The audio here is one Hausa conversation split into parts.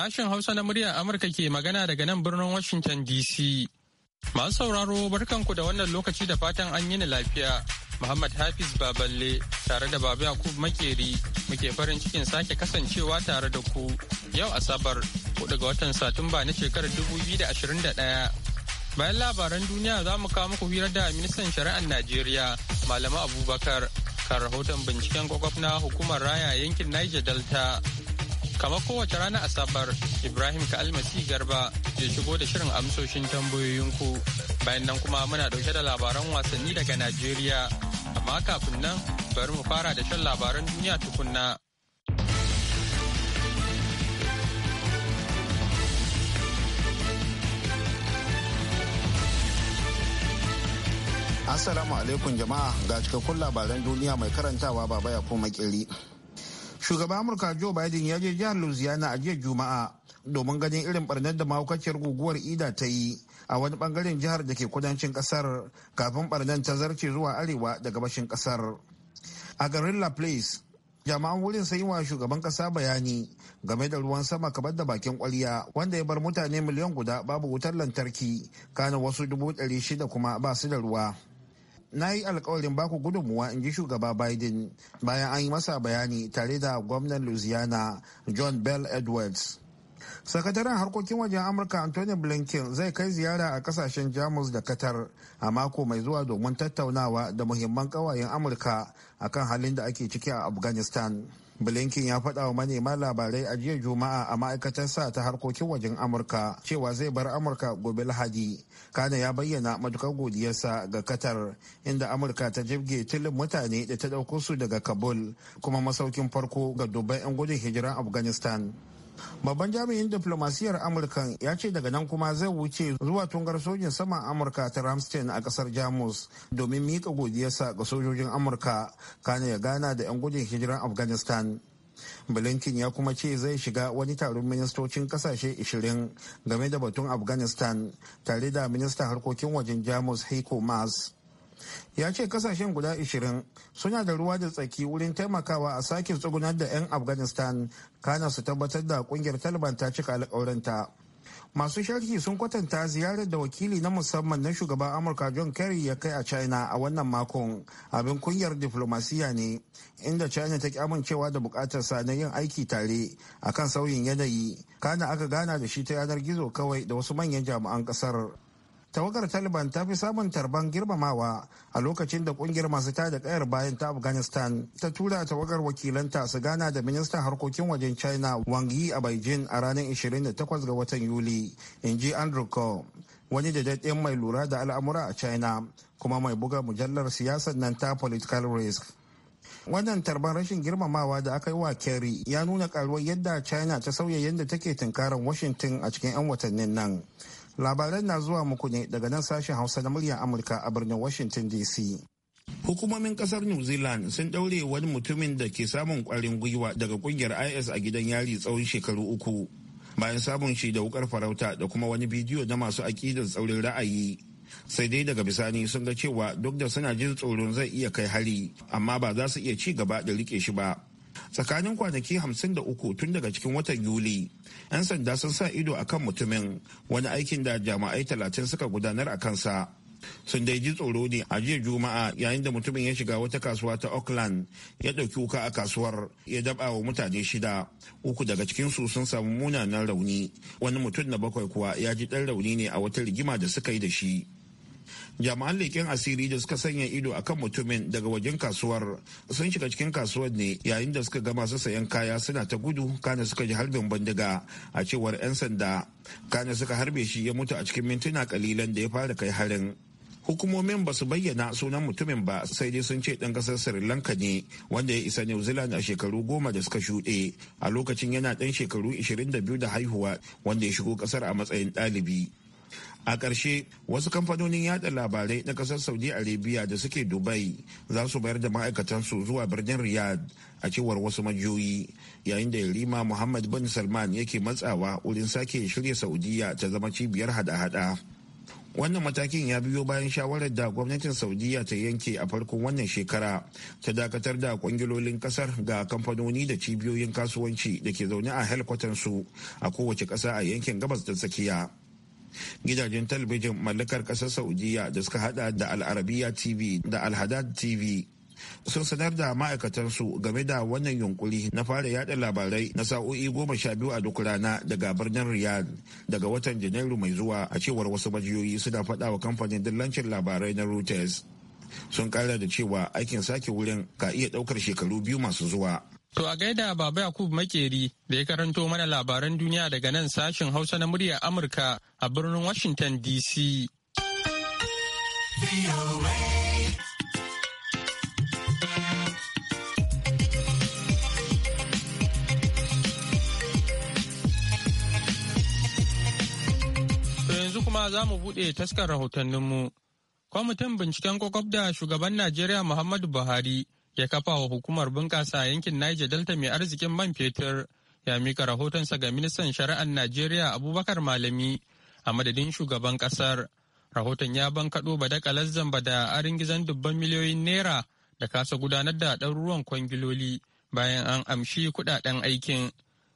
Sashen Hausa na muryar Amurka ke magana daga nan birnin Washington DC. Masu sauraro barkanku da wannan lokaci da fatan an yi lafiya. Muhammad Hafiz Baballe tare da Baba Yakub Makeri muke farin cikin sake kasancewa tare da ku yau Asabar 4 ga watan Satumba na shekarar 2021 Bayan labaran duniya za mu kawo muku hirar da ministan shari'ar Najeriya Malama Abubakar kan rahoton binciken kwakwaf hukumar raya yankin Niger Delta. Kamar kowace rana Asabar, Ibrahim ka almasi Garba ke shigo da shirin amsoshin tambayoyinku. Bayan nan kuma muna dauke da labaran wasanni daga Najeriya. Amma kafin nan bari mu fara da shan labaran duniya tukunna. Assalamu alaikum jama'a ga cikakkun labaran duniya mai karantawa baba ya ko kiri. Shugaban Amurka Joe Biden ya je jihar Louisiana a jiya Juma'a domin ganin irin barnar da mahaukaciyar guguwar Ida ta yi a wani bangaren jihar da ke kudancin kasar kafin barnar ta zarce zuwa arewa da gabashin kasar. A garin La Place, jama'an wurin sai wa shugaban kasa bayani game da ruwan sama kamar da bakin kwalya wanda ya bar mutane miliyan guda babu wutar lantarki kana wasu dubu ɗari shida kuma ba su da ruwa. na yi alkawarin baku gudunmuwa in ji shugaba biden bayan an yi masa bayani tare da gwamnan louisiana john bell edwards sakataren harkokin wajen amurka anthony blinken zai kai ziyara a kasashen jamus da katar a mako mai zuwa domin tattaunawa da muhimman kawayen amurka akan halin da ake ciki a afghanistan blinken ya faɗa wa manema labarai a jiya juma'a a ma'aikatar sa ta harkokin wajen amurka cewa zai bar amurka gobe lahadi kana ya bayyana matukar godiyarsa ga qatar inda amurka ta jibge tilin mutane da ta ɗauko su daga kabul kuma masaukin farko ga dubban 'yan gudun hijiran afghanistan babban jami'in diflomasiyyar amurkan ya ce daga nan kuma zai wuce zuwa tungar sojin saman amurka ta ramstein a kasar jamus domin mika godiyarsa ga sojojin amurka kane ya gana da 'yan gudun hijiran afghanistan blinken ya kuma ce zai shiga wani taron ministocin kasashe 20 game da batun afghanistan tare da ministan harkokin wajen jamus heiko maas ya ce kasashen guda 20 suna da ruwa da tsaki wurin taimakawa a sake tsugunar da 'yan afghanistan kana su tabbatar da kungiyar taliban ta cika alkawarinta masu sharhi sun kwatanta ziyarar da wakili na musamman na shugaban amurka john kerry ya kai a china a wannan makon abin kunyar diflomasiya ne inda china ta ki amincewa da sa na yin aiki tare akan sauyin yanayi kana aka gana da shi ta yanar gizo kawai da wasu manyan jami'an kasar tawagar taliban ta fi samun tarban girmamawa a lokacin da kungiyar masu tada kayar bayan ta afghanistan ta tura tawagar wakilanta su gana da ministan harkokin wajen china wang yi a beijing a ranar 28 ga watan yuli in ji andrew Cole, wani da daɗin mai lura da al'amura a china kuma mai buga mujallar siyasar nan ta political risk wannan tarban rashin girmamawa da aka yi wa kerry ya nuna karuwar yadda china ta sauya yadda take tunkarar washington a cikin 'yan watannin nan labaran na zuwa muku ne daga nan sashen hausa na muryar amurka a birnin washington dc hukumomin kasar new zealand sun daure wani mutumin da ke samun kwarin gwiwa daga kungiyar is a gidan yari tsawon shekaru uku bayan samun shi da wukar farauta da kuma wani bidiyo na masu aƙidar tsaurin ra'ayi sai dai daga bisani sun ga cewa duk da suna jin tsoron zai iya kai hari amma ba za su iya ci gaba da rike shi ba tsakanin kwanaki 53 tun daga cikin watan yuli 'yan sanda sun sa ido a kan mutumin wani aikin da jama'ai 30 suka gudanar a kansa sun dai ji tsoro ne a jiya juma'a yayin da mutumin ya shiga wata kasuwa ta auckland ya ɗauki wuka a kasuwar ya daba wa mutane shida uku daga cikin su sun samu munanan rauni wani mutum na bakwai kuwa ya ji ɗan rauni ne a wata rigima da suka yi da shi jami'an leƙen asiri da suka sanya ido akan mutumin daga wajen kasuwar sun shiga cikin kasuwar ne yayin da suka ga masu sayan kaya suna ta gudu kana suka ji harbin bindiga a cewar 'yan sanda kana suka harbe shi ya mutu a cikin mintuna kalilan da ya fara kai harin hukumomin ba su bayyana sunan mutumin ba sai dai sun ce ɗan ƙasar sri lanka ne wanda ya isa new zealand a shekaru goma da suka shuɗe a lokacin yana ɗan shekaru 22 da haihuwa wanda ya shigo ƙasar a matsayin ɗalibi a ƙarshe wasu kamfanonin yada labarai na ƙasar saudi arabia da suke dubai za su bayar da ma'aikatansu zuwa birnin riyad a cewar wasu majiyoyi yayin da yarima muhammad bin salman yake matsawa wurin sake shirya saudiya ta zama cibiyar hada-hada wannan matakin ya biyo bayan shawarar da gwamnatin saudiya ta yanke a farkon wannan shekara ta dakatar da kwangilolin kasar ga kamfanoni da cibiyoyin kasuwanci da ke zaune a helkwatansu a kowace ƙasa a yankin gabas da tsakiya gidajen talabijin mallakar ƙasar saudiya da suka hada da al'arabiya tv da alhadad tv sun sanar da ma'aikatansu game da wannan yunkuri na fara yada labarai na sa'o'i goma sha biyu a duk rana daga birnin riyal daga watan janairu mai zuwa a cewar wasu majiyoyi suna faɗa wa kamfanin dillancin labarai na reuters sun kara da cewa aikin sake wurin ka iya ɗaukar shekaru biyu masu zuwa To a gaida Baba Yakubu Makeri da ya karanto mana labaran duniya daga nan sashin Hausa na muryar Amurka a birnin Washington DC. yanzu kuma za mu buɗe taskar rahotanninmu. Kwamitin binciken kwakwabda da shugaban Najeriya Muhammadu Buhari ya kafa wa hukumar bunƙasa yankin Niger Delta mai arzikin man fetur ya mika rahotonsa ga ministan shari'ar Najeriya Abubakar Malami a madadin shugaban ƙasar. Rahoton ya bankaɗo badakalar zamba da gizan dubban miliyoyin naira da kasa gudanar da ɗaruruwan kwangiloli bayan an amshi kuɗaɗen aikin.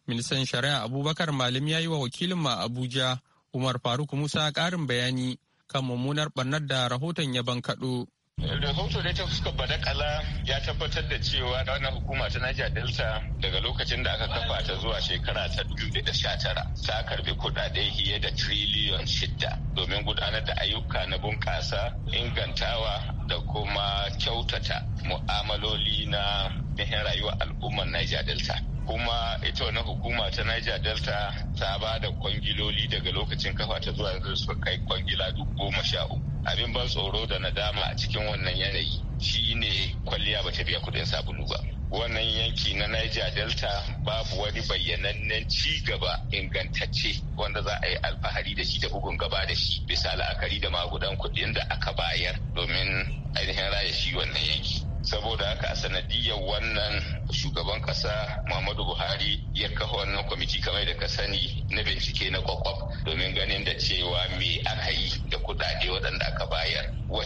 Ministan shari'a Abubakar Malami ya yi wa wakilinmu a Abuja Umar Faruk Musa ƙarin bayani kan mummunar ɓarnar da rahoton ya bankaɗo. rahoto da ta bada kala, ya tabbatar da cewa wannan hukuma ta Niger Delta daga lokacin da aka kafa ta zuwa shekara ta 2019 ta karbi kudade fiye da triliyon shida domin gudanar da ayyuka na bunƙasa ingantawa da kuma kyautata mu'amaloli na nihin rayuwar al'ummar Niger Delta. kuma ita wannan hukuma ta Niger Delta ta ba da kwangiloli daga lokacin kafa ta zuwa yanzu su kai kwangila duk goma sha uku abin ban tsoro da nadama a cikin wannan yanayi shi ne kwalliya bata biya kuɗin sabulu ba wannan yanki na niger delta babu wani bayyanannen ci gaba ingantacce wanda za a yi alfahari da shi da bugun gaba da shi bisa la'akari da magudan kuɗin da aka bayar domin ainihin raya shi wannan yanki saboda haka a sanadiyar wannan shugaban kasa muhammadu buhari ya kafa wannan kwamiti kamar da ka sani na bincike na kwakwaf domin ganin da cewa me aka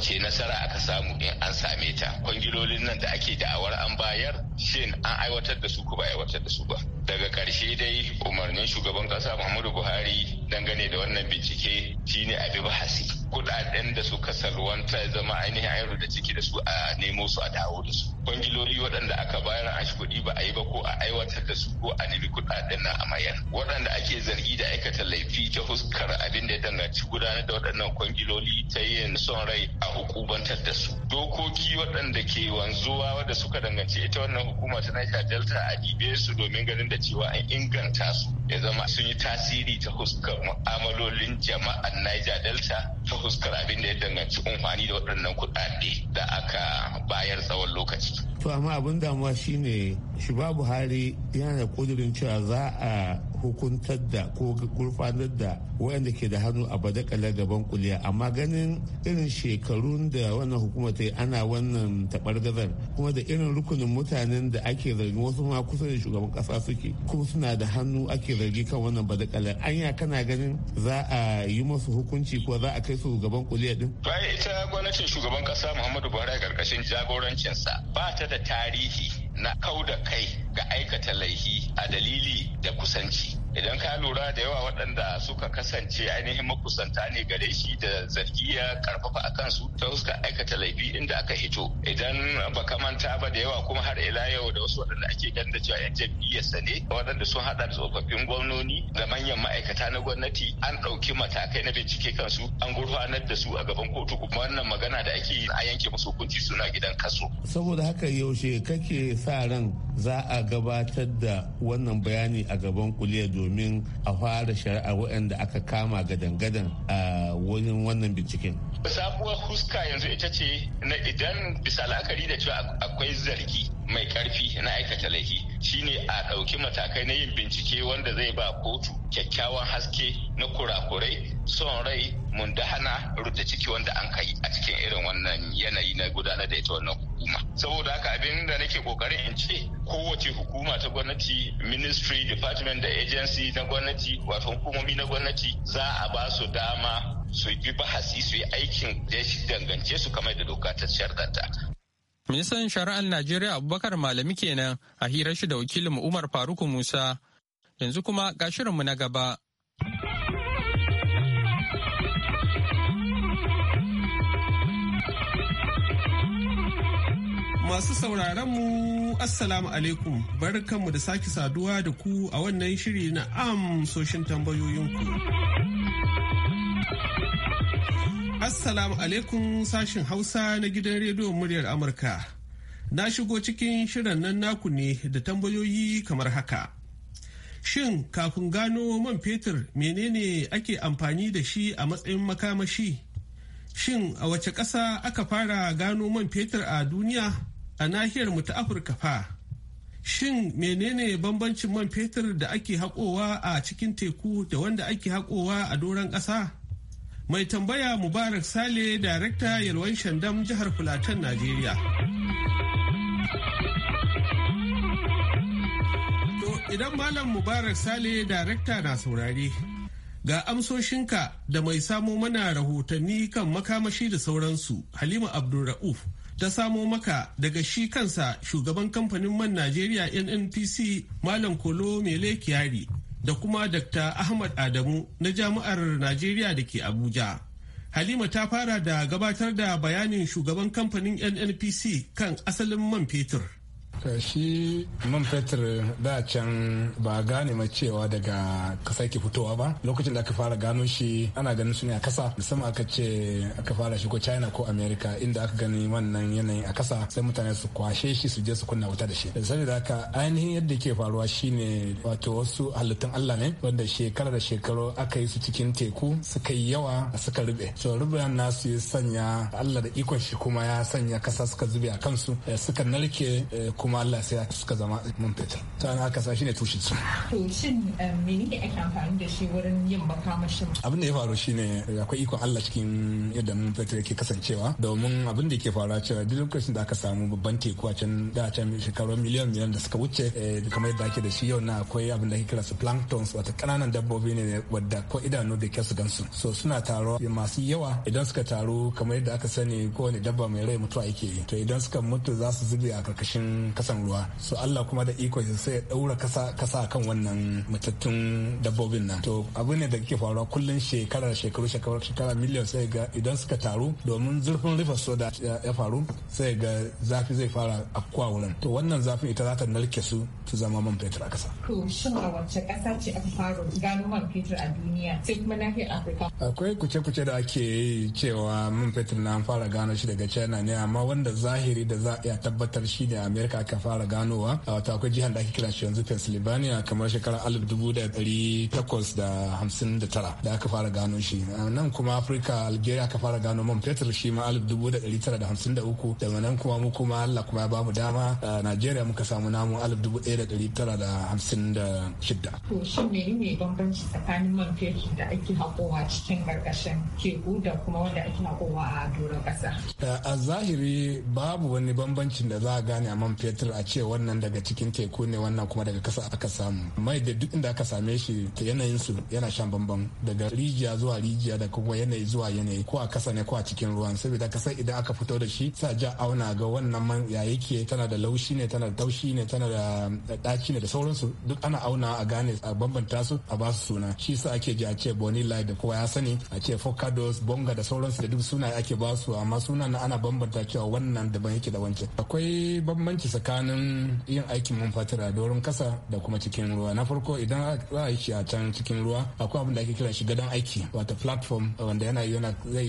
ce nasara aka samu in an same ta kwangilolin nan da ake da'awar an bayar shin an aiwatar da su ko ba aiwatar da su ba daga karshe dai umarnin shugaban kasa muhammadu buhari dangane da wannan bincike shine a bi bahasi kuɗaɗen da suka salwanta zama ainihin ayar da ciki da su a nemo su a dawo da su kwangiloli waɗanda aka bayar a kuɗi ba a yi ba ko a aiwatar da su ko a nemi kuɗaɗen na amayar waɗanda ake zargi da aikata laifi ta fuskar abin da ya danganci gudanar da waɗannan kwangiloli ta yin son rai a hukumantar da su dokoki waɗanda ke wanzuwa wadda suka danganci ita wannan hukuma ta naija Delta a dibe su domin ganin da cewa an inganta su ya zama sun yi tasiri ta fuskar mu'amalolin jama'an naija Delta ta fuskar abin da ya danganci amfani da waɗannan kuɗaɗe da aka bayar tsawon lokaci. to amma abin damuwa shine shi ba buhari yana da kudurin cewa za a hukuntar da ko gurfanar da waɗanda ke da hannu a badakalar gaban kuliya amma ganin irin shekarun da wannan hukumar ta yi ana wannan taɓargazar kuma da irin rukunin mutanen da ake zargi wasu ma kusa da shugaban ƙasa suke kuma suna da hannu ake zargi kan wannan badakalar anya kana ganin za a yi musu hukunci ko za a kai su gaban kuliya din. bayan ita gwamnatin shugaban ƙasa muhammadu buhari a ƙarƙashin jagorancinsa ba ta da tarihi na kau da kai ga aikata laifi a dalili da kusanci idan ka lura da yawa waɗanda suka kasance ainihin makusanta ne gare shi da zargi ya karfafa a kansu ta suka aikata laifi inda aka hito idan baka manta ba da yawa kuma har ila yau da wasu waɗanda ake ganin da cewa yan jam'iyyarsa ne waɗanda sun haɗa da tsofaffin gwamnoni ga manyan ma'aikata na gwamnati an ɗauki matakai na bincike kansu an gurfanar da su a gaban kotu kuma wannan magana da ake a yanke musu hukunci suna gidan kaso. saboda haka yaushe kake sa ran za a gabatar da wannan bayani a gaban kuliyar domin a fara shari'a waɗanda aka kama gadan-gadan a wurin wannan binciken. sabuwar huska yanzu ita ce na idan bisa la'akari da cewa akwai zargi mai karfi na aikata laifi shine a ɗauki matakai na yin bincike wanda zai ba kotu kyakkyawan haske na kurakurai son rai hana rudda ciki wanda an kai a cikin irin wannan yanayi na gudanar da ita wannan hukuma saboda haka abin da nake kokarin in ce kowace hukuma ta gwamnati ministry department da agency na gwamnati wato hukumomi na gwamnati za a ba su dama su yi bahasi su yi aikin da shi dangance su kamar da doka ta shardanta ministan shari'ar najeriya abubakar malami kenan a hirar shi da wakilin umar faruku musa yanzu kuma ga shirinmu na gaba Masu sauraron mu Assalamu alaikum barkanmu da sake saduwa da ku a wannan shiri na amsoshin tambayoyinku. Assalamu alaikum sashin Hausa na gidan rediyon muryar Amurka. Na shigo cikin shirin nan naku ne da tambayoyi kamar haka. Shin kafin gano man fetur menene ake amfani da shi a matsayin makamashi? Shin a wace ƙasa aka fara gano man fetur a duniya? a nahiyar mu ta afirka fa shin menene bambancin man fetur da ake haƙowa a cikin teku da wanda ake haƙowa a doron ƙasa mai tambaya mubarak sale darekta yalwan shandam jihar fulatan najeriya idan malam mubarak sale darekta na saurari. ga amsoshinka da mai samo mana rahotanni kan makamashi da sauransu halima abdulra'uf ta samo maka daga shi kansa shugaban kamfanin man Najeriya NNPC Malam Kolo Mele Kiyari da kuma Dr. Ahmad Adamu na Jami'ar Najeriya da ke Abuja. Halima ta fara da gabatar da bayanin shugaban kamfanin NNPC kan asalin man fetur. shi man fetur da can ba gane ma cewa daga kasa yake fitowa ba lokacin da aka fara gano shi ana ganin su ne a kasa musamman aka ce aka fara shi ko china ko america inda aka gani wannan yanayin a kasa sai mutane su kwashe shi su je su kunna wuta da shi saboda haka ainihin yadda ke faruwa shine wato wasu halittun allah ne wanda shekara da shekaru aka yi su cikin teku suka yi yawa suka rube so rube nasu ya sanya allah da ikon shi kuma ya sanya kasa suka zube a kansu eh, suka narke eh, kuma kuma Allah sai suka zama mun fetur Ta n'a sa shi ne tushen su. to shin eh, menene ake amfani da shi wurin yin makamashin? abin da ya faru shine akwai ikon Allah cikin yadda mun fetur yake kasancewa domin abin da yake faruwa cewa duk lokacin da aka samu babban teku a can da a can shekarun miliyan miliyan da suka wuce eh, kamar yadda ake da shi yau na akwai abin da ake kira su planktons wata kananan dabbobi ne wadda ko idanu da ke su gansu so suna taro masu yawa idan suka taru kamar yadda aka sani kowane dabba mai rai mutuwa yake yi to idan suka mutu za su zube a karkashin kasan ruwa su Allah kuma da iko ya sai daura kasa kasa kan wannan matattun dabbobin nan to abu ne da ke faruwa kullun shekara shekaru shekara shekara miliyan sai ga idan suka taru domin zurfin rufe soda ya faru sai ga zafi zai fara akwa wurin to wannan zafi ita za ta narke su su zama man fetur a kasa to shin a wace kasa ce aka fara gano man a duniya sai kuma nahiyar Afirka akwai kuce-kuce da ake yi cewa man fetur na fara gano shi daga China ne amma wanda zahiri da za a iya tabbatar shi ne America aka fara ganowa a wata akwai jihar da ake kira shi yanzu pennsylvania kamar shekarar alif dubu da dari takwas da hamsin da tara da aka fara gano shi nan kuma afirka algeria aka fara gano man fetur shi ma alif dubu da dari tara da hamsin da uku daga nan kuma mu kuma allah kuma ya bamu dama a nigeria muka samu namu alif dubu daya da dari tara da hamsin da shidda. to shi ne bambanci tsakanin man fetur da ake haƙowa cikin ƙarƙashin teku da kuma wanda ake haƙowa a doron kasa. a zahiri babu wani bambancin da za a gane a man fetur fetur a ce wannan daga cikin teku ne wannan kuma daga kasa aka samu mai da duk inda aka same shi ta yanayin su yana shan bambam daga rijiya zuwa rijiya da kuma yanayi zuwa yanayi ko a kasa ne ko a cikin ruwan saboda kasa idan aka fito da shi sa ja auna ga wannan man ya yake tana da laushi ne tana da taushi ne tana da daci ne da sauransu duk ana auna a gane a bambanta su a basu suna shi sa ake ji a ce bonilla da kowa ya sani a ce focados bonga da sauransu da duk suna ake basu amma suna na ana bambanta cewa wannan daban yake da wancan akwai bambanci tsakanin yin aikin man fatar a doron kasa da kuma cikin ruwa na farko idan za a yi a can cikin ruwa akwai abin da ake kira shi gadon aiki wata platform wanda yana yi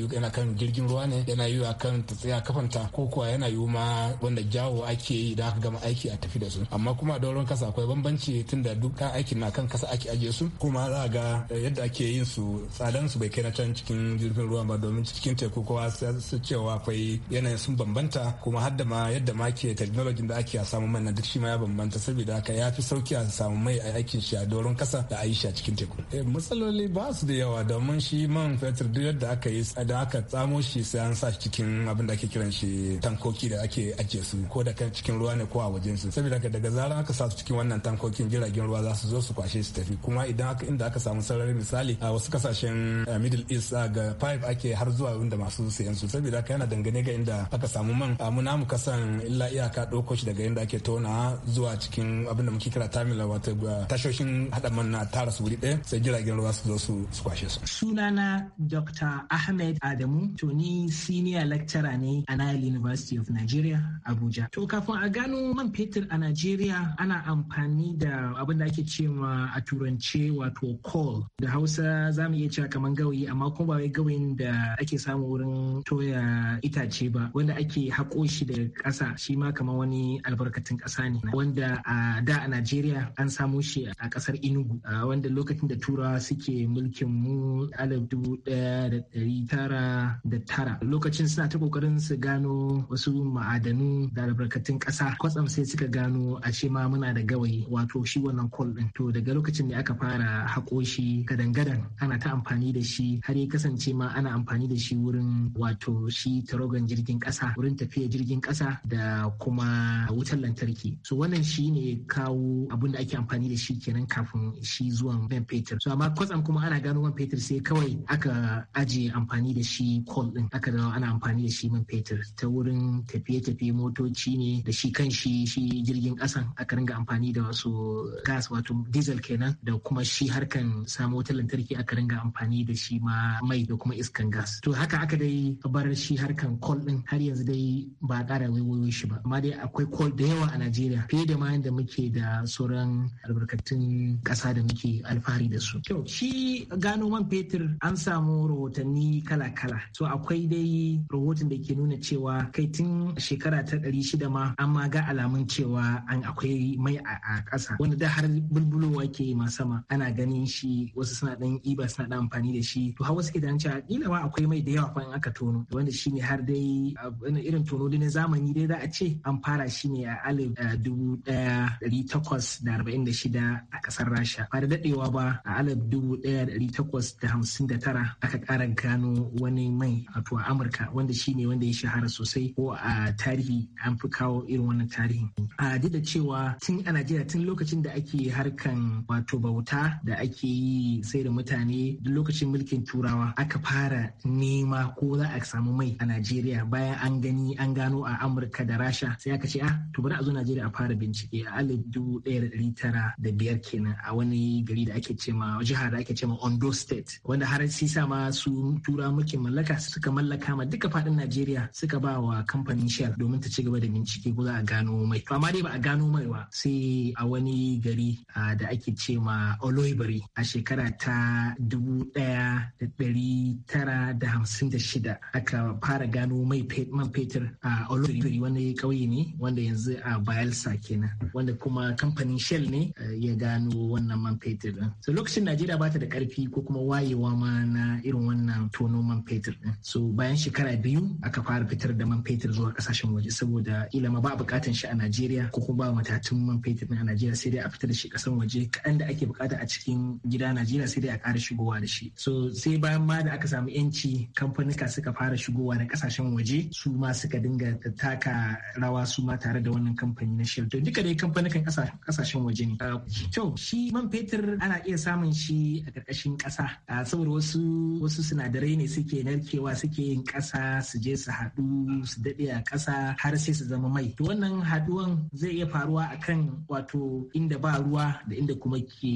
yana kan jirgin ruwa ne yana yi a kan tsaya kafanta ko kuwa yana yi ma wanda jawo ake yi idan aka gama aiki a tafi da su amma kuma a doron kasa akwai bambanci tunda duk ɗan aikin na kan kasa ake ajiye su kuma za a ga yadda ake yin su tsadan su bai kai na can cikin jirgin ruwa ba domin cikin teku kowa su cewa akwai yanayin sun bambanta kuma har da ma yadda ma ke technology da ake a samu mai na duk shi ma ya bambanta saboda haka ya fi sauki a samu mai a aikin shi a doron kasa da a yi shi a cikin teku eh, matsaloli ba su da yawa domin shi man fetur duk yadda aka yi da aka tsamo shi sai an sa shi cikin abin da ake kiran shi tankoki da ake ajiye su ko da kan cikin ruwa ne ko a wajen su saboda haka daga zaran aka sa su cikin wannan tankokin jiragen ruwa za su zo su kwashe su tafi kuma idan aka inda aka samu sarari misali a wasu kasashen eh, middle east ga pipe ake har zuwa inda masu sayan su saboda haka yana dangane ga inda aka samu man mu namu kasan illa iyaka doko shi daga yadda ake tona zuwa cikin abin da muke kira tamila wata uh, tashoshin haɗa manna na tara su wuri ɗaya sai jiragen ruwa su zo su kwashe su. Sunana Dr. Ahmed Adamu to ni senior lecturer ne a Nile University of Nigeria Abuja. To kafin a gano man fetur a Nigeria ana amfani da abin da ake cewa a turance wato coal da Hausa za mu iya cewa kamar gawayi amma kuma ba wai gawayin da ake samu wurin toya itace ba wanda ake haƙo shi daga ƙasa shi ma kamar wani albarkatun ƙasa ne wanda a da a Najeriya an samo shi a ƙasar Enugu wanda lokacin da Turawa suke mulkin mu alif dubu ɗaya da ɗari tara da tara lokacin suna ta ƙoƙarin su gano wasu ma'adanu da albarkatun ƙasa kwatsam sai suka gano a shi ma muna da gawayi wato shi wannan kol ɗin to daga lokacin da aka fara haƙo shi gadan-gadan ana ta amfani da shi har ya kasance ma ana amfani da shi wurin wato shi tarogan jirgin ƙasa wurin tafiya jirgin ƙasa da kuma wutar lantarki so wannan shi ne kawo abin da ake amfani da shi kenan kafin shi zuwan man fetur so amma kwatsam kuma ana gano man fetur sai kawai aka ajiye amfani da shi coal din aka dawo ana amfani da shi man fetur ta wurin tafiye-tafiye motoci ne da shi kan shi shi jirgin kasan aka ringa amfani da wasu gas wato diesel kenan da kuma shi harkan samu wutar lantarki aka ringa amfani da shi ma mai da kuma iskan gas to haka aka dai bar shi harkan kol din har yanzu dai ba a ƙara shi ba amma dai akwai ko da yawa a Najeriya fiye da ma yadda muke da sauran albarkatun ƙasa da muke alfahari da su. Kyau, shi gano man fetur an samu rahotanni kala-kala. So akwai dai rahoton da ke nuna cewa kai tun shekara ta ɗari shida ma an ma ga alamun cewa an akwai mai a ƙasa wanda da har bulbulowa ke ma sama ana ganin shi wasu suna ɗan iba suna ɗan amfani da shi. To har wasu ke da cewa ƙila ma akwai mai da yawa fa aka tono wanda shi ne har dai irin tono na zamani dai za a ce an fara shi shine a alif eh, dubu ɗaya dari takwas da arba'in da shida a kasar rasha ba da dadewa ba a alif dubu ɗaya dari takwas da hamsin da tara aka ƙara gano wani mai wato a amurka wanda shine wanda ya shahara sosai ko a tarihi an fi kawo irin wannan tarihi a duk da cewa tun a najeriya tun lokacin da ake harkan wato bauta da ake yi sai da mutane duk lokacin mulkin turawa aka fara nema ko za a samu mai a najeriya bayan an gani an gano a amurka da rasha sai aka ce ah, to bari a zo Najeriya a fara bincike a alif dubu ɗaya da ɗari tara da biyar kenan a wani gari da ake cema jiha da ake cema Ondo State wanda har sisa ma su tura mulkin mallaka suka mallaka ma duka faɗin Najeriya suka ba wa kamfanin Shell domin ta ci gaba da bincike ko za a gano mai amma dai ba a gano mai ba sai a wani gari da ake cema Oloibiri a shekara ta dubu ɗaya da ɗari tara da hamsin da shida aka fara gano mai man fetur a Oloibiri wani ƙauye ne wanda da yanzu a bayelsa kenan wanda kuma kamfanin shell ne eh, ya gano wannan man fetur din so lokacin najeriya ba ta da karfi ko kuma wayewa ma na irin wannan tono man fetur din so bayan shekara biyu aka fara fitar da man fetur zuwa kasashen waje saboda ila ma ba bukatan shi a najeriya ko kuma ba matatun man fetur din a najeriya sai dai a fitar da shi kasan waje kaɗan da ake bukata a cikin gida najeriya sai dai a ƙara shigowa da shi so sai bayan ma da aka samu yanci kamfanika suka fara shigowa na kasashen waje su ma suka dinga taka rawa su mata tare da wannan kamfani na shell to duka dai kamfanin kasashen waje ne ah, to shi man fetur ana iya samun shi a karkashin kasa ah, saboda wasu wasu sinadarai ne suke narkewa suke yin kasa su je su haɗu su daɗe a kasa har sai su zama mai to wannan haɗuwan zai iya faruwa akan wato inda ba ruwa da inda kuma ke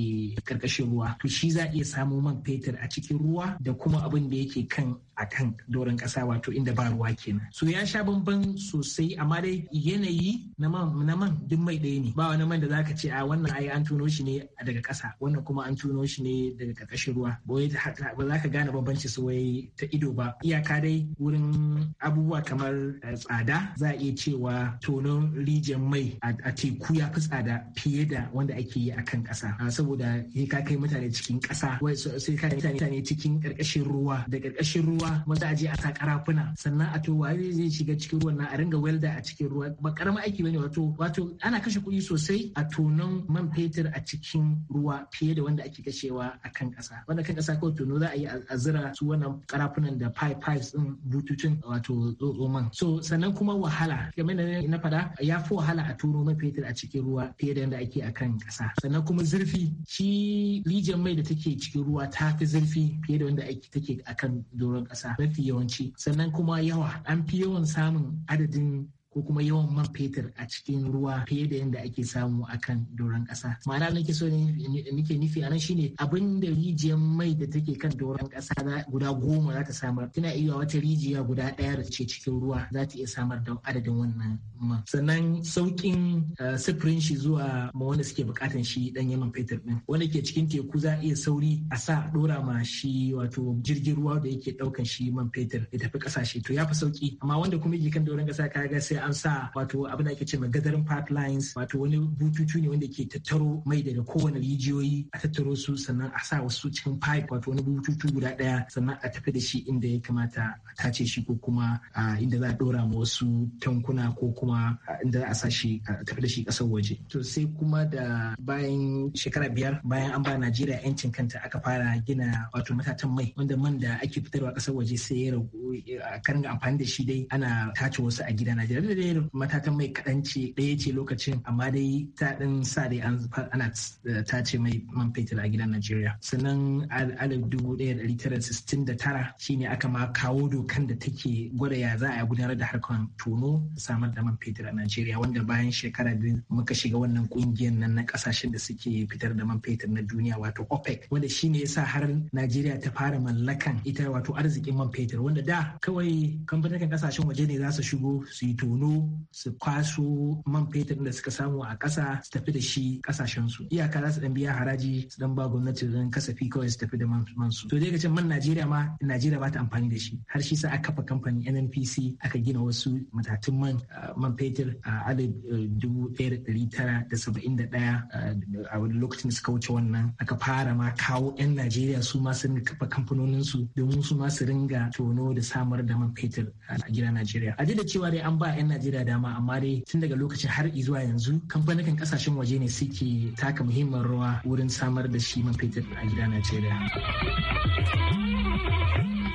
karkashin ruwa to shi za a iya samo man fetur a cikin ruwa da kuma abin da yake kan a kan doron ƙasa wato inda ba ruwa kenan so ya sha bamban sosai amma dai yanayi na man na man duk mai ɗaya ne ba wani man da zaka ce a wannan ai an tuno shi ne daga ƙasa wannan kuma an tuno shi ne daga ƙarƙashin ruwa ba za ka gane bambanci su wai ta ido ba iyaka dai wurin abubuwa kamar eh, tsada za a iya cewa tonon rijiyar mai a teku ya fi tsada fiye da wanda ake yi a kan ƙasa ah, saboda ya ka kai mutane cikin ƙasa sai ka mutane cikin ƙarƙashin ruwa da ƙarƙashin ruwa ruwa maza a je a sa karafuna sannan a to waye zai shiga cikin ruwan na a ringa welda a cikin ruwa ba karamin aiki bane wato wato ana kashe kuɗi sosai a tonon man fetur a cikin ruwa fiye da wanda ake kashewa a kan ƙasa wanda kan ƙasa kawai tono za a yi a zira su wannan karafunan da pipe pipes din bututun wato tsotso man so sannan kuma wahala game da na fada ya fi wahala a tono man fetur a cikin ruwa fiye da yadda ake a kan ƙasa sannan kuma zurfi shi rijiyar mai da take cikin ruwa ta fi zurfi fiye da wanda ake take a kan doron ƙasa mafi yawanci sannan kuma yawa an fi yawan samun adadin ko kuma yawan man fetur a cikin ruwa fiye da yadda ake samu a kan doron ƙasa ma'ana nake so ke nufi anan shine abin da rijiyar mai da take kan doron ƙasa guda goma za ta samar tana iya wata rijiya guda ɗaya da ce cikin ruwa za ta iya samar da adadin wannan man sannan sauƙin eh, sifirin shi zuwa ma wanda suke buƙatan shi ɗanyen man fetur ɗin wanda ke cikin teku za a iya sauri a sa ɗora ma shi wato jirgin ruwa da yake ɗaukan shi man fetur ya tafi ƙasashe to ya fi sauƙi amma wanda kuma yake kan doron ƙasa kaga sai an sa wato abin da ake ce gathering pipelines wato wani bututu ne wanda ke tattaro mai daga kowane rijiyoyi a tattaro su sannan a sa wasu cikin pipe wato wani bututu guda daya sannan a tafi da shi inda ya kamata a tace shi ko kuma inda za a dora ma wasu tankuna ko kuma inda za a sa shi a tafi da shi kasar waje to sai kuma da bayan shekara biyar bayan an ba Najeriya yancin kanta aka fara gina wato matatan mai wanda man da ake fitarwa kasar waje sai ya ragu a karin amfani da shi dai ana tace wasu a gida Najeriya da dai matakan mai kaɗanci ɗaya ce lokacin amma dai ta ɗin sa dai ana eh, tace mai man fetur a gidan Najeriya. Sannan a dubu da tara shine aka ma kawo dokan da take gwada ya za a gudanar da harkar tono samar da man fetur a Najeriya wanda bayan shekara biyu muka shiga wannan kungiyar nan na kasashen da suke fitar da man fetur na duniya wato OPEC wanda shine yasa har Najeriya ta fara mallakan ita wato arzikin man fetur wanda da kawai kamfanin kasashen waje ne za su shigo su yi tono tono su kwaso man fetur da suka samu a ƙasa su tafi da shi ƙasashen su iyaka za su dan biya haraji su dan ba gwamnati don kasafi kawai su tafi da man su to dai ka ce man Najeriya ma Najeriya ba ta amfani da shi har shi sa aka kafa kamfanin NNPC aka gina wasu matatun man man fetur a alif eh, dubu da da saba'in a wani lokacin da suka wuce wannan aka fara ma kawo 'yan Najeriya su ma su kafa kamfanonin domin su ma su ringa tono da samar da man fetur a gidan Najeriya a da cewa dai an ba 'yan Najeriya dama amma dai tun daga lokacin har zuwa yanzu kamfanin kasashen waje ne suke taka muhimmin rawa wurin samar da shi man fetur a gida Najeriya.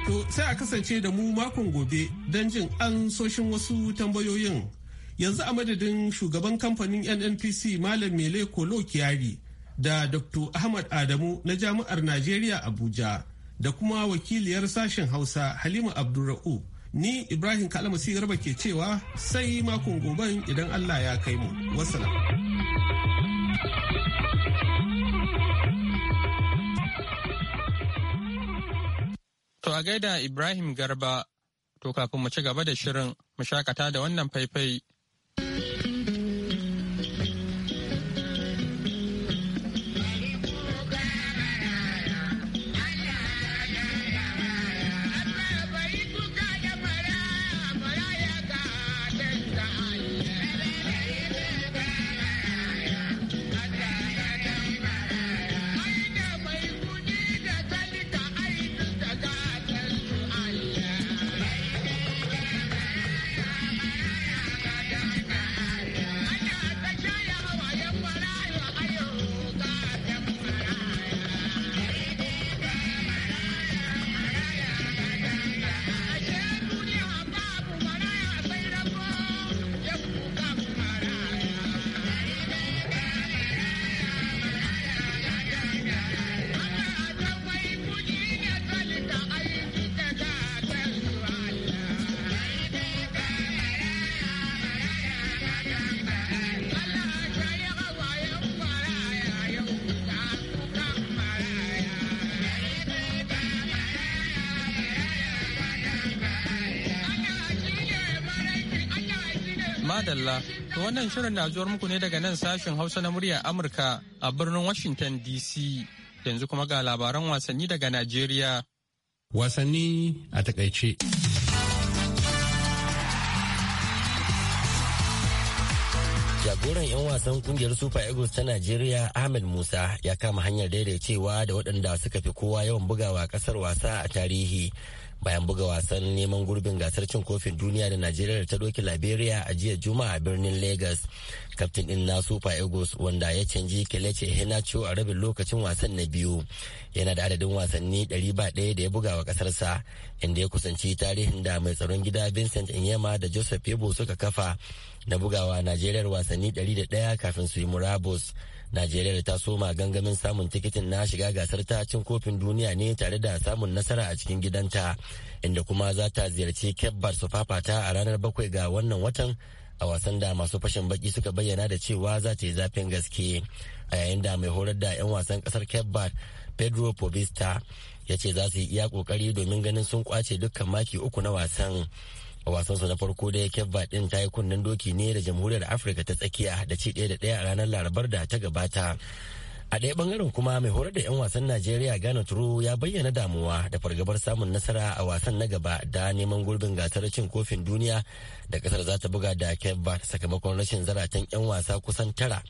To sai a kasance da mu makon gobe don jin an soshin wasu tambayoyin. Yanzu a madadin shugaban kamfanin NNPC Malam Mele Kolo Kiyari da Dr. Ahmad Adamu na Jami'ar Najeriya Abuja da kuma wakiliyar sashen Hausa Halima Abdulra'u Ni Ibrahim Kalamasi Garba ke cewa sai makon goben idan Allah ya kai mu. Wassalam. To a gaida Ibrahim Garba, to kafin mu ci gaba da shirin mu shakata da wannan faifai. madalla to wannan shirin na zuwar muku ne daga nan sashen hausa na murya amurka a birnin washington dc yanzu kuma ga labaran wasanni daga najeriya wasanni a takaice jagoran 'yan wasan kungiyar super eagles ta najeriya ahmed musa ya kama hanyar daidaicewa da waɗanda suka fi kowa yawan bugawa ƙasar wasa a tarihi bayan buga wasan neman gurbin gasar cin kofin duniya da najeriya da ta doki liberia a jiya juma'a a birnin lagos kaftin din na super eagles wanda ya canji kelechi henacho a rabin lokacin wasan na biyu yana da adadin wasanni 100 da ya buga wa kasarsa inda ya kusanci tarihin da mai tsaron gida vincent inyema da joseph ebo suka kafa na bugawa najeriya wasanni 101 kafin su yi murabus Najeriya ta soma gangamin samun tikitin na shiga gasar ta cin kofin duniya ne tare da samun nasara a cikin gidanta inda kuma za ta ziyarci kebbar su fafata a ranar bakwai ga wannan watan a wasan da masu fashin baki suka bayyana da cewa za ta yi zafin gaske a yayin da mai horar da 'yan wasan kasar kebbar pedro povista ya ce za su yi iya kokari domin ganin sun kwace dukkan maki uku na wasan a wasansa na farko da ya kebba din ta yi kunnen doki ne da jamhuriyar afirka ta tsakiya da ci ɗaya da ɗaya a ranar larabar da ta gabata a ɗaya bangaren kuma mai horar da 'yan wasan najeriya ghana turu ya bayyana damuwa da fargabar samun nasara a wasan na gaba da neman gurbin gasar cin kofin duniya da kasar za ta buga da kebba sakamakon rashin zaratan 'yan wasa kusan tara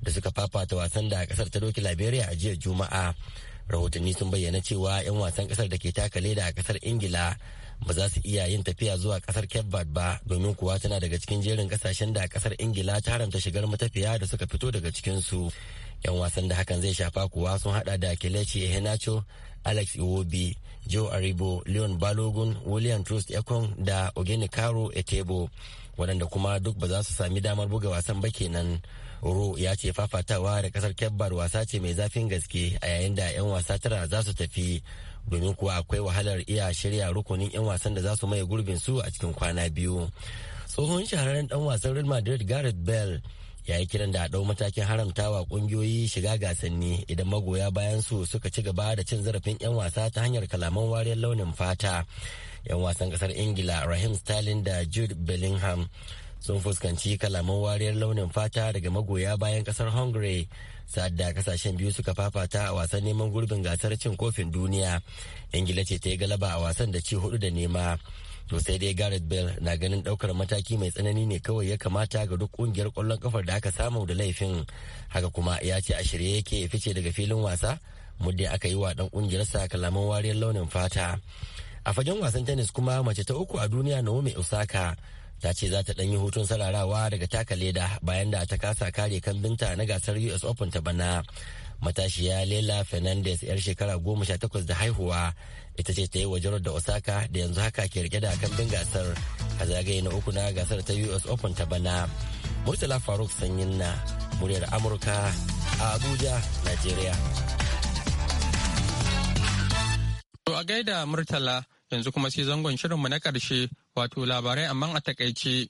da suka fafata wasan da kasar ta doki liberia a jiya juma'a rahotanni sun bayyana cewa 'yan wasan kasar da ke takale da a kasar ingila ba za su iya yin tafiya zuwa kasar cape verde ba domin kuwa tana daga cikin jerin kasashen da kasar ingila ta haramta shigar matafiya da suka fito daga cikin su yan wasan da hakan zai shafa kuwa sun hada da kelechi ehenacho alex iwobi joe aribo leon balogun william trust ekong da ogeni karo etebo waɗanda kuma duk ba za su sami damar buga wasan ba kenan ro ya ce fafatawa da kasar kebbar wasa ce mai zafin gaske a yayin da 'yan wasa tara za su tafi domin kuwa akwai wahalar iya shirya rukunin 'yan wasan da za su maye gurbin su a cikin kwana biyu tsohon shahararren dan wasan real madrid gareth bell ya yi kiran da dau matakin haramtawa ƙungiyoyi shiga gasanni idan magoya bayan su suka ci gaba da cin zarafin 'yan wasa ta hanyar kalaman wariyar launin fata 'yan wasan kasar ingila rahim sterling da jude bellingham sun fuskanci kalaman wariyar launin fata daga magoya bayan kasar hungary sa'ad da kasashen biyu suka fafata a wasan neman gurbin gasar cin kofin duniya ingila ce ta yi galaba a wasan da ci hudu da nema to sai dai gareth bale na ganin daukar mataki mai tsanani ne kawai ya kamata ga duk kungiyar kwallon kafar da aka samu da laifin haka kuma ya ce a shirye yake fice daga filin wasa muddin aka yi wa dan kungiyarsa kalaman wariyar launin fata a fagen wasan tennis kuma mace ta uku a duniya naomi osaka ta ce za ta ɗan yi hutun sararawa daga taka leda bayan da ta kasa kare kambinta na gasar us open ta bana matashiya lela fernandez yar shekara goma sha takwas da haihuwa ita ce ta yi wajen da osaka da yanzu haka ke rike da kambin gasar a zagaye na uku na gasar ta us open ta bana murtala faruk sanyin na muryar amurka a abuja nigeria to a gaida murtala yanzu kuma sai zangon shirinmu na ƙarshe wato labarai amma a takaice.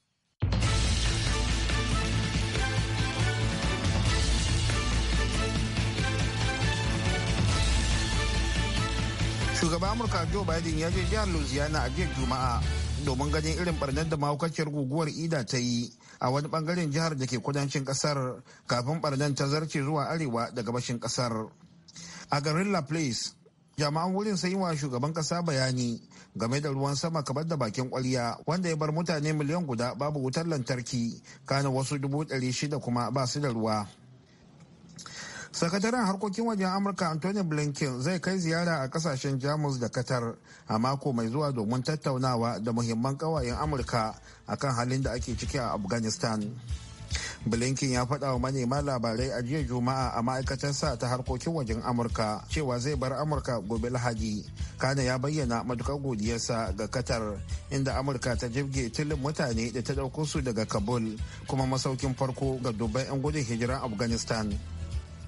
shugaban amurka joe biden ya je jihar louisiana a jiya juma'a domin ganin irin barnar da mahaukaciyar guguwar ida ta yi a wani bangaren jihar da ke kudancin kasar kafin barnar ta zarce zuwa arewa da gabashin kasar a garin la place jama'an wurin sai wa shugaban kasa bayani game da ruwan sama kamar da bakin kwarya wanda ya bar mutane miliyan guda babu wutar lantarki kana wasu dubu ɗari shida kuma ba su da ruwa sakataren harkokin wajen amurka anthony blinken zai kai ziyara a kasashen jamus da qatar a mako mai zuwa domin tattaunawa da muhimman kawayen amurka akan halin da ake ciki a afghanistan blinken ya faɗa wa manema labarai a jiya juma'a a sa ta harkokin wajen amurka cewa zai bar amurka gobe lahadi kana ya bayyana matukar godiyarsa ga qatar inda amurka ta jirge tilin mutane da ta ɗauko su daga kabul kuma masaukin farko ga dubban 'yan gudun hijiran afghanistan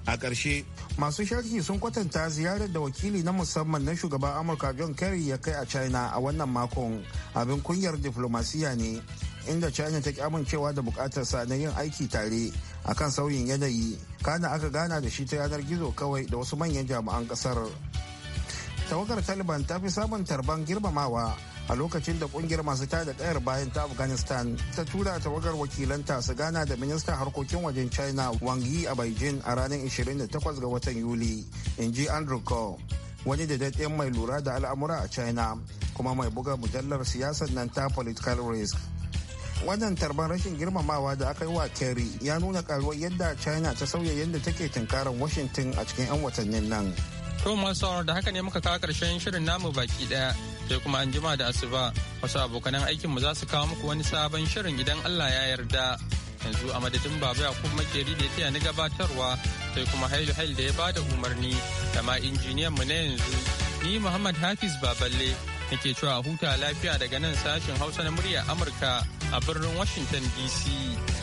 a ƙarshe masu sharhi sun kwatanta ziyarar da wakili na musamman na shugaban amurka john kerry ya kai a china a wannan makon abin kunyar diflomasiya ne inda china ta ki amincewa da bukatarsa na yin aiki tare a kan sauyin yanayi kana aka gana da shi ta yanar gizo kawai da wasu manyan jami'an kasar tawagar taliban ta fi samun tarban girmamawa a lokacin da kungiyar masu tada kayar bayan ta afghanistan ta tura tawagar wakilanta su gana da ministan harkokin wajen china wang yi a beijing a ranar 28 ga watan yuli in ji andrew ko wani da daɗin mai lura da al'amura a china kuma mai buga mujallar siyasar nan ta political risk wannan tarban rashin girmamawa da aka yi wa kerry ya nuna karuwar yadda china ta sauya yadda take tunkarar washington a cikin 'yan watannin nan to masu da haka ne muka kawo karshen shirin namu baki daya sai kuma an jima da asuba wasu abokanan aikinmu za su kawo muku wani sabon shirin idan allah ya yarda yanzu a madadin baba ya kuma makeri da ya na gabatarwa sai kuma hailu hail da ya bada umarni da ma injiniyan mu na yanzu ni muhammad hafiz baballe nake cewa huta lafiya daga nan sashen hausa na murya amurka a birnin washington dc